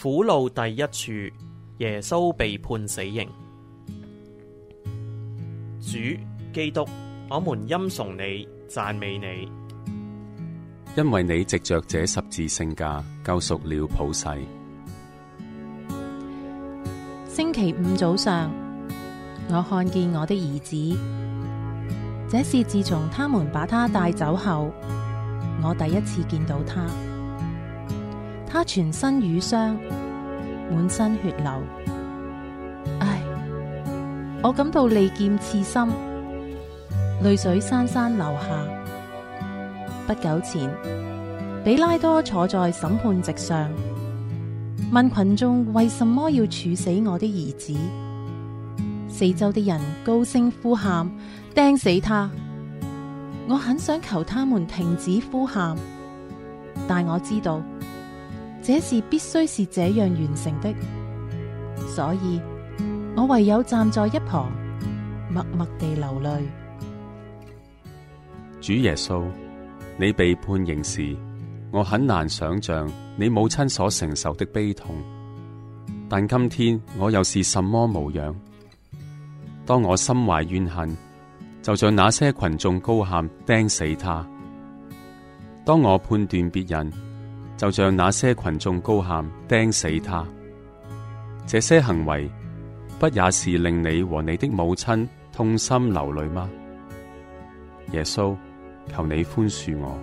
苦路第一處，耶穌被判死刑。主基督，我們欽崇你，讚美你，因為你藉着這十字聖架救贖了普世。星期五早上，我看見我的兒子，這是自從他們把他帶走後，我第一次見到他。他全身瘀傷，滿身血流，唉，我感到利劍刺心，淚水潸潸流下。不久前，比拉多坐在審判席上，問群眾為什麼要處死我的兒子。四周的人高聲呼喊，釘死他。我很想求他們停止呼喊，但我知道。這是必須是這樣完成的，所以我唯有站在一旁，默默地流淚。主耶穌，你被判刑時，我很難想象你母親所承受的悲痛。但今天我又是什麼模樣？當我心懷怨恨，就像那些群眾高喊釘死他；當我判斷別人，就像那些群眾高喊釘死他，這些行為不也是令你和你的母親痛心流淚嗎？耶穌，求你寬恕我。